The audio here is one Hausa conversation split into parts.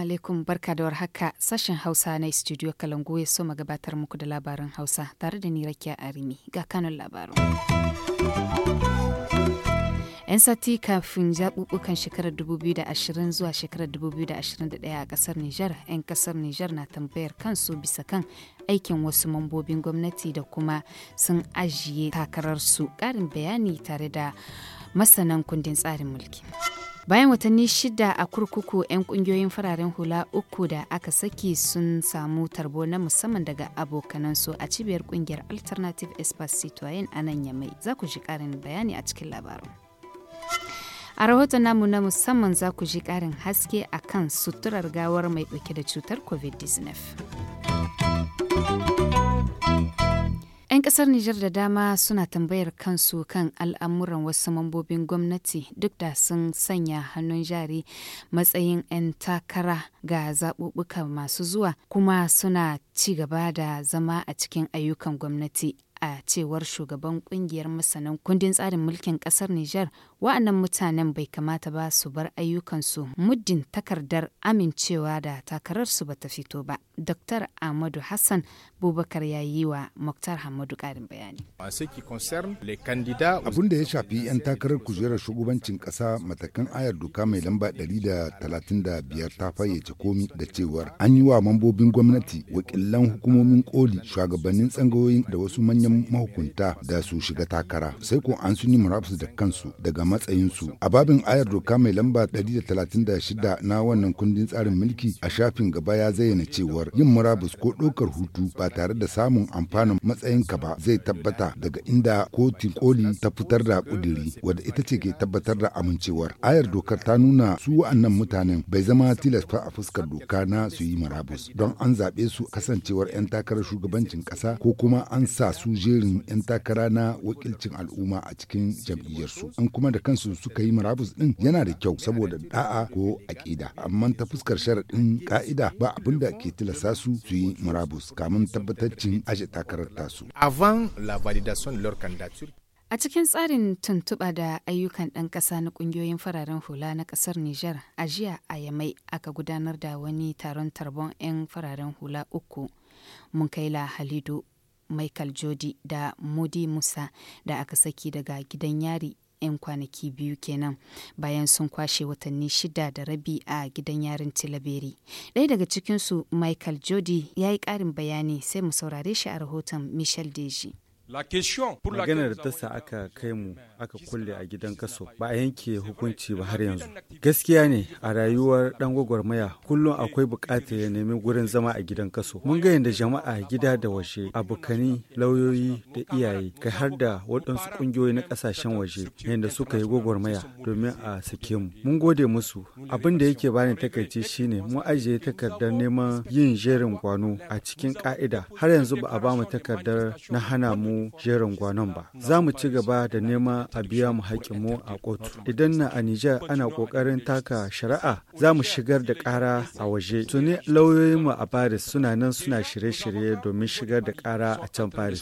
alaikum barka da warhaka sashen Hausa na studio Kalangu ya so gabatar muku da labarin Hausa tare da ni Rakiya Arimi ga kanun labarin. 'yan sati kafin zaɓuɓɓukan shekarar 2020 zuwa shekarar 2021 a ƙasar Nijar, 'yan ƙasar Nijar na tambayar kansu bisa kan aikin wasu mambobin gwamnati da kuma sun ajiye takararsu ƙarin bayani tare da masanan kundin tsarin mulki. bayan watanni shida a kurkuku 'yan kungiyoyin fararen hula uku da aka saki sun samu tarbo na musamman daga abokanansu a cibiyar kungiyar alternative espace citoyen a nan yamai za ku ji ƙarin bayani a cikin labarin A rahoton namu na musamman za ku ji ƙarin haske a kan suturar gawar mai ɗauke da cutar COVID-19. 'Yan ƙasar Nijar da dama suna tambayar kansu kan al'amuran wasu mambobin gwamnati duk da sun sanya hannun jari matsayin 'yan takara ga zaɓuɓɓuka masu zuwa kuma suna ci gaba da zama a cikin ayyukan gwamnati a cewar shugaban ƙungiyar masanan kundin tsarin mulkin ƙasar Nijar wa'annan mutanen bai kamata ba su bar ayyukansu muddin takardar amincewa da takararsu ba ta fito ba dr ahmadu hassan bubakar ya yi wa muktar hamadu karin bayani abin da ya shafi 'yan takarar kujerar shugabancin kasa matakan ayar doka mai lamba 135 ta fayyace komi da cewar an yi wa mambobin gwamnati wakilan hukumomin koli shugabannin tsangayoyin da wasu manyan mahukunta da su shiga takara sai ko an suni murabus da kansu daga matsayinsu. A babin ayar doka mai lamba 136 na wannan kundin tsarin mulki a shafin gaba ya zayyana cewar yin murabus ko ɗaukar hutu ba tare da samun amfanin matsayinka ba zai tabbata daga inda kotun koli ta fitar da kuduri wadda ita ce ke tabbatar da amincewar. Ayar dokar ta nuna su wa'annan mutanen bai zama tilasta a fuskar doka na su yi murabus don an zaɓe su kasancewar 'yan takarar shugabancin ƙasa ko kuma an sa su jerin 'yan takara na wakilcin al'umma a cikin jam'iyyarsu. An kuma da kansu suka yi murabus din yana da kyau saboda da'a ko aƙida amma ta fuskar sharaɗin ka'ida ba abin da ke tilasta su su yi murabus kamun tabbataccin aje takarar tasu. A cikin tsarin tuntuɓa da ayyukan ɗan ƙasa na ƙungiyoyin fararen hula na ƙasar Nijar, a jiya a Yamai aka gudanar da wani taron tarbon 'yan fararen hula uku, Munkaila Halidu, Michael Jodi da Modi Musa da aka saki daga gidan yari 'yan kwanaki biyu kenan bayan sun kwashe watanni shida da rabi a gidan yarin tilaberi ɗaya daga cikinsu michael jody ya yi ƙarin bayani sai mu saurare shi a rahoton michel deji Maganar da sa aka kai mu aka kulle a gidan kaso ba a yanke hukunci ba har yanzu. Gaskiya ne a rayuwar dan gwagwarmaya kullum akwai bukatar ya nemi gurin zama a gidan kaso. Mun ga yanda jama'a gida da waje abokani lauyoyi da iyaye kai har da waɗansu ƙungiyoyi na ƙasashen waje yadda suka yi gwagwarmaya domin a sake mu. Mun gode musu abin da yake bani takaici shine mun ajiye takardar neman yin jerin kwano a cikin ka'ida har yanzu ba a bamu takardar na hana mu samu jerin gwanon ba. Za mu ci gaba da nema a biya mu mu a kotu. Idan na a Nijar ana ƙoƙarin taka shari'a za mu shigar da ƙara a waje. Tuni mu a Paris suna nan suna shirye-shirye domin shigar da ƙara a can Paris.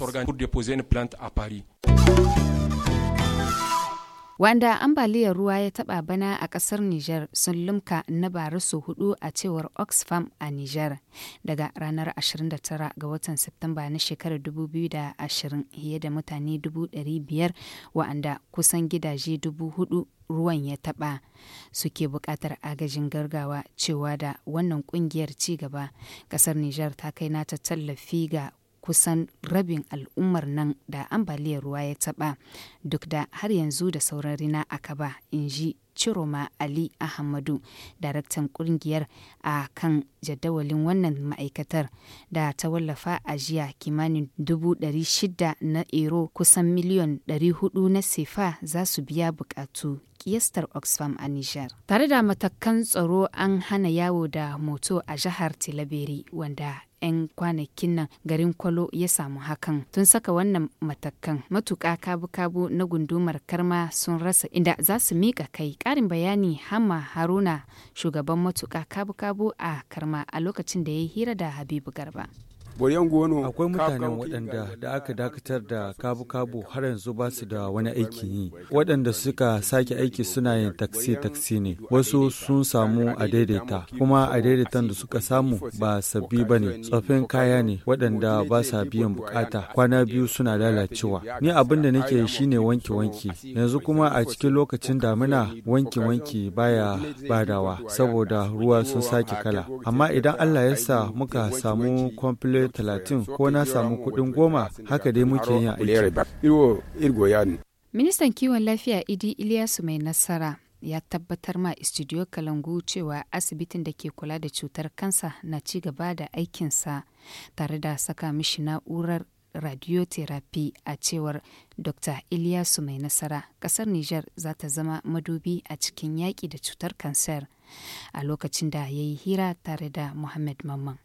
wanda ambaliyar ruwa ya taɓa bana a ƙasar Nijar sun lumka na bara su hudu a cewar Oxfam a Nijar daga ranar 29 ga watan Septemba na shekarar 2020 fiye da mutane 500 wa'anda kusan gidaje 4,000 ruwan ya taɓa suke buƙatar agajin gargawa cewa da wannan ƙungiyar ci gaba ƙasar Nijar ta kai nata tallafi ga kusan rabin al'ummar nan da ambaliyar ruwa ya taɓa duk da har yanzu da sauran rina aka ba in ji Ciroma Ali Ahmadu, daraktan kungiyar a kan jadawalin wannan ma'aikatar da ta wallafa a jiya kimanin 600 na ero kusan miliyon 400 na sefa za su biya bukatu kiyastar Oxfam a Nijar. Tare da matakan tsaro an hana yawo da moto a jihar Tilaberi wanda 'yan kwanakin nan garin kwalo ya samu hakan tun saka wannan matakan matuka kabu-kabu na gundumar karma sun rasa inda za su miƙa kai ƙarin bayani hama haruna shugaban matuka kabu-kabu a karma a lokacin da ya yi hira da habibu garba akwai mutane waɗanda da aka dakatar da kabu-kabu har yanzu ba su da wani aiki yi waɗanda suka sake aiki suna yin taksi-taksi ne wasu sun samu a daidaita kuma a daidaitan da suka samu ba sabbi ba ne tsoffin kaya ne waɗanda ba sa biyan bukata kwana biyu suna lalacewa ni abin da nake shine wanke wanki yanzu kuma a cikin lokacin damina wanke-wanke baya badawa saboda ruwa sun sake kala amma idan allah ya sa muka samu complete talatin ko na samu kuɗin goma haka dai muke yin aiki. Ministan kiwon lafiya Idi Iliyasu mai nasara ya tabbatar ma studio kalangu cewa asibitin da ke kula da cutar kansa na ci gaba da aikinsa tare da saka mishi na'urar radiotherapy a cewar dr iliyasu mai nasara kasar nijar za ta zama madubi a cikin yaƙi da cutar kansar a lokacin da ya yi hira tare da muhammad mamman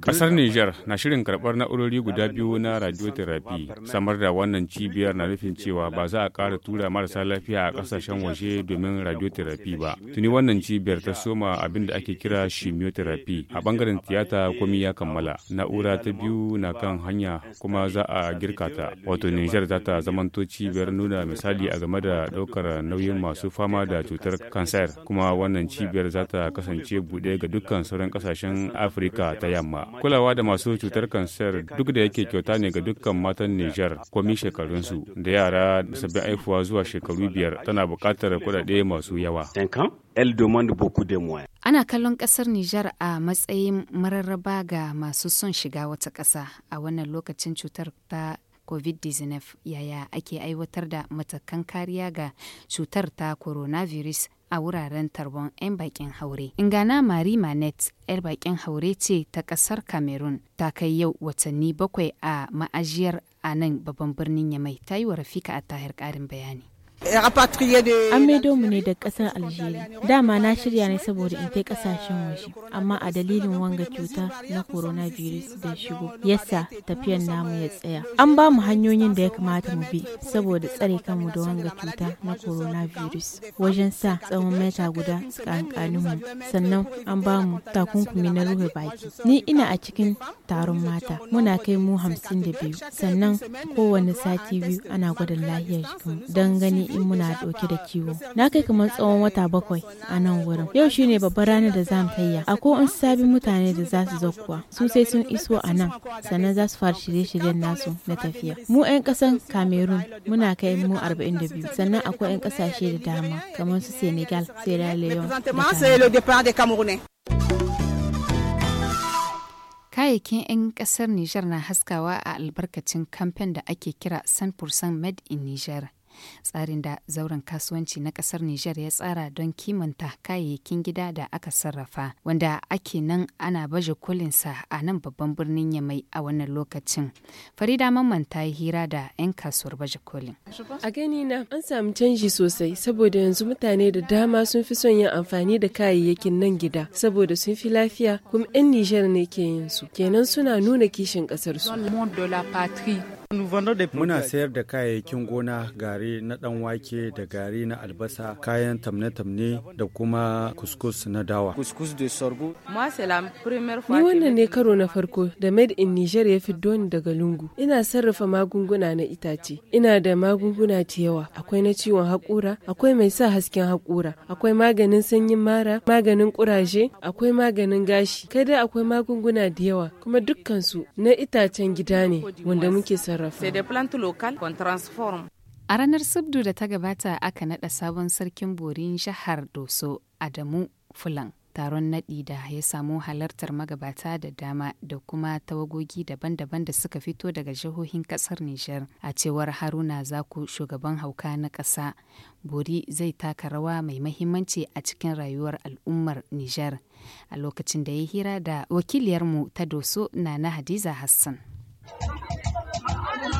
Kasar Nijar na shirin karɓar na'urori guda biyu na radiotherapy samar da wannan cibiyar na nufin cewa ba za a ƙara tura marasa lafiya a ƙasashen waje domin radiotherapy ba. Tuni wannan cibiyar ta soma abin da ake kira chemotherapy a bangaren tiyata komi ya kammala. Na'ura ta biyu na kan hanya kuma za a girka ta. Wato Nijar za ta zamanto cibiyar nuna misali a game da ɗaukar nauyin masu fama da cutar kansar kuma wannan cibiyar za ta kasance buɗe ga dukkan sauran kasashen afirka ta yamma kulawa da masu cutar kansar duk da yake kyauta ne ga dukkan matan nijar komi shekarunsu da yara da sabbin aifuwa zuwa shekaru biyar tana buƙatar kuɗaɗe masu yawa ana kallon ƙasar nijar a matsayin mararraba ga masu son shiga wata ƙasa a wannan lokacin cutar ta covid-19 yaya ake aiwatar da matakan kariya ga cutar ta coronavirus a wuraren tarbon 'yan bakin haure. Ingana Marie Manet, 'yar bakin haure ce ta ƙasar Cameroon, ta kai yau watanni bakwai a ma'ajiyar a nan babban birnin Yamai ta yi wa Rafika a tahir ƙarin bayani. An maido mu ne da kasar Algeria. Dama na shirya ne saboda in kai kasashen waje, amma a dalilin wanga cuta na coronavirus da shigo, yasa tafiyan namu ya tsaya. An ba mu hanyoyin da ya kamata mu bi saboda tsare kanmu da wanga cuta na coronavirus. Wajen sa tsawon mita guda tsakanin mu, sannan an ba mu takunkumi na rufe baki. Ni ina a cikin taron mata, muna kai mu hamsin da biyu, sannan kowane sati biyu ana gwada lahiyar jikinmu don gani in muna dauke da kiwo. Na kai kamar tsawon wata bakwai a nan wurin. Yau shine babbar ranar da zan kaiya. Akwai wasu sabbin mutane da za su zo kuwa. Su sai sun iso a nan sannan za su fara shirye-shiryen nasu na tafiya. Mu 'yan kasan Cameroon muna kai mu 42 sannan akwai 'yan kasashe da dama kamar su Senegal, Sierra Leone. Kayayyakin 'yan kasar Nijar na haskawa a albarkacin kamfen da ake kira San Made in Nijar. tsarin da zauren kasuwanci na kasar Nijar ya tsara don kimanta kayayyakin gida da aka sarrafa wanda ake nan ana baje kolinsa a nan babban birnin Yamai a wannan lokacin. Farida Mamman ta yi hira da 'yan kasuwar baje kolin. A gani na an samu canji sosai saboda yanzu mutane da dama sun fi son yin amfani da kayayyakin nan gida saboda sun fi lafiya kuma 'yan Nijar ne ke yin su kenan suna nuna kishin kasar su. Muna sayar da kayayyakin gona gari na ɗan wake da gari na albasa, kayan tamne-tamne da kuma kuskus na dawa. Ni wannan ne karo na farko da Made in Niger ya fi ni daga lungu. Ina sarrafa magunguna na itace. Ina da magunguna ta yawa. Akwai na ciwon haƙura, akwai mai sa hasken haƙura, akwai maganin sanyin mara, maganin ƙuraje, akwai maganin gashi. Kada akwai magunguna da yawa, kuma dukkansu na itacen gida ne wanda muke sarrafa. sarrafa. Sai plant local qu'on transform. A ranar Subdu da ta gabata aka naɗa sabon sarkin borin jihar Doso Adamu Fulan. taron naɗi da ya samu halartar magabata da dama da kuma tawagogi daban-daban da suka fito daga jihohin ƙasar Nijar a cewar Haruna Zaku shugaban hauka na ƙasa. Bori zai taka rawa mai mahimmanci a cikin rayuwar al'ummar Nijar a lokacin da ya hira da wakiliyarmu ta doso na na Hadiza Hassan.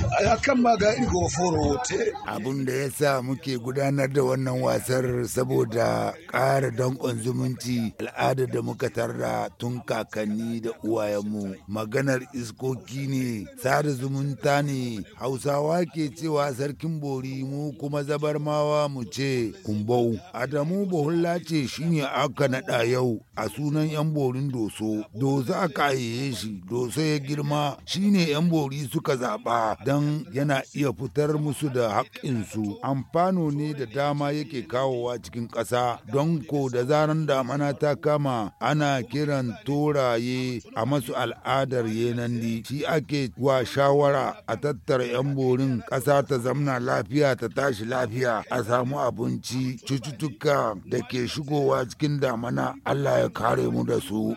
akan ma ga foro te abin da ya sa muke gudanar da wannan wasar saboda ƙara danƙon zumunci al'ada da muka tarra tun kakanni da uwayenmu maganar iskoki ne sada zumunta ne hausawa ke cewa sarkin bori mu kuma zabarmawa mu ce kumbau adamu bahulla ce shine aka naɗa yau a sunan yan borin doso doso aka yi shi doso ya girma shine yan bori suka zaba. don yana iya fitar musu da haƙƙinsu amfano ne da dama yake kawowa cikin ƙasa don ko da zaran damana ta kama ana kiran toraye a masu al'adar yenandi shi ake wa shawara a tattara 'yan borin ƙasa ta zamna lafiya ta tashi lafiya a samu abinci cututtuka da ke shigowa cikin damana allah ya kare mu da su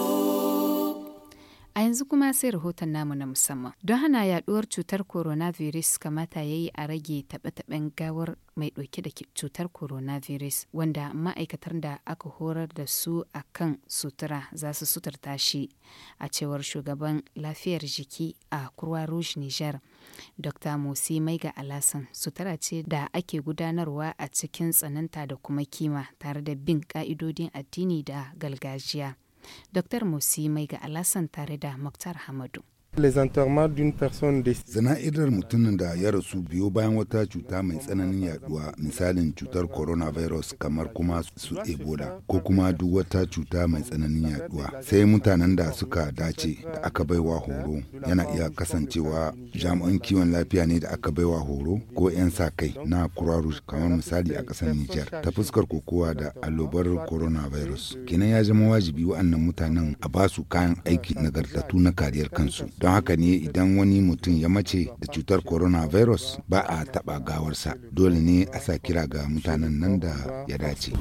A yanzu kuma sai rahoton namu na musamman. Don hana yaduwar cutar coronavirus kamata ya yi a rage taɓe-taɓen gawar mai ɗauke da cutar coronavirus wanda ma'aikatar da aka horar da su a kan sutura za su suturta shi a cewar shugaban lafiyar jiki a kurwa rouge niger dr musi maiga alasan sutura ce da ake gudanarwa a cikin tsananta da kuma kima tare da bin ka'idodin addini da galgajiya. Dr. Musi mai ga alasan tare da Muktar Hamadu. Zana'idar mutumin da ya rasu biyo bayan wata cuta mai tsananin yaduwa misalin cutar coronavirus kamar kuma su ebola ko kuma duk wata cuta mai tsananin yaduwa sai mutanen da suka dace da aka baiwa horo yana iya kasancewa jami'an kiwon lafiya ne da aka baiwa horo ko 'yan sa kai na kuraru kamar misali a ƙasar Nijar ta fuskar kokowa da allobar coronavirus. Kenan ya zama wajibi wa'annan mutanen a ba su kayan aiki nagartattu na kariyar kansu. Don haka ne idan wani mutum ya mace da cutar coronavirus ba a taɓa gawarsa. Dole ne a sa kira ga mutanen nan da ya dace.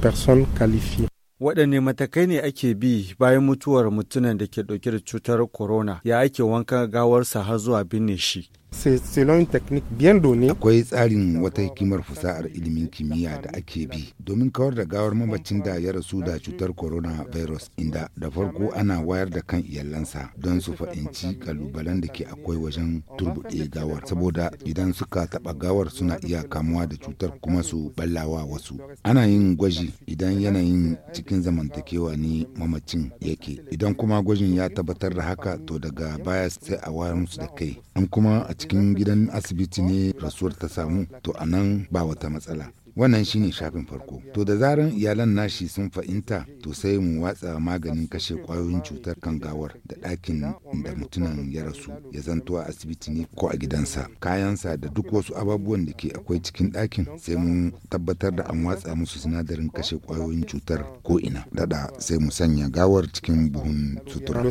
waɗanne matakai ne ake bi bayan mutuwar mutumin da ke ɗauke da cutar corona ya ake wanka gawarsa har zuwa binne shi selon technique bien donné akwai tsarin wata hikimar fasahar ilimin kimiyya da ake bi domin kawar da gawar mamacin da ya rasu da cutar coronavirus inda da farko ana wayar da kan iyalansa don su fahimci kalubalen da ke akwai wajen turbuɗe gawar saboda idan suka taɓa gawar suna iya kamuwa da cutar kuma su ballawa wasu ana yin gwaji idan yanayin cikin zamantakewa ne mamacin yake idan kuma gwajin ya tabbatar da haka to daga baya sai a wayar musu da kai an kuma a cikin gidan asibiti ne rasuwar ta samu to a nan ba wata matsala Wannan shine shafin farko. To da zaran iyalan nashi sun fahimta to sai mu watsa maganin kashe kwayoyin cutar kan gawar. da ɗakin da mutumin ya rasu ya zanto a asibiti ne ko a gidansa. Kayansa da duk wasu ababuwan da ke akwai cikin ɗakin sai mu tabbatar da an watsa musu sinadarin kashe kwayoyin cutar ko ina. Dada sai mu sanya gawar cikin buhun sutura.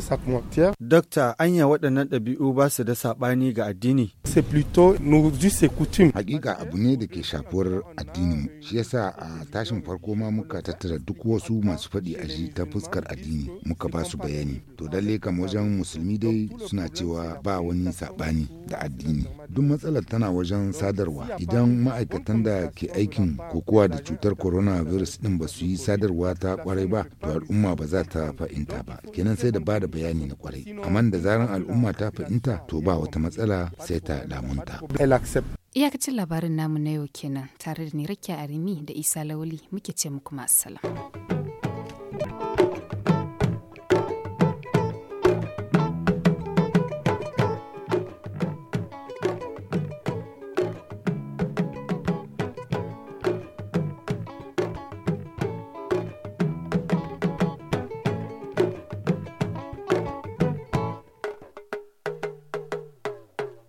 Dokta anya waɗannan ɗabi'u ba su da saɓani ga addini. Hakika abu ne da ke shafuwar addini addininmu shi yasa a tashin farko ma muka tattara duk wasu masu faɗi a shi ta fuskar addini muka ba su bayani to dan kam wajen musulmi dai suna cewa ba wani saɓani da addini duk matsalar tana wajen sadarwa idan ma'aikatan da ke aikin kokowa da cutar coronavirus din ba su yi sadarwa ta kwarai ba to al'umma ba za ta fahimta ba kenan sai da ba da bayani na kwarai amma da zaran al'umma ta fahimta to ba wata matsala sai ta lamunta Iyakacin labarin namu na yau kenan tare da ni Rakiya Arimi da Isa Lawali muke ce muku masu salam.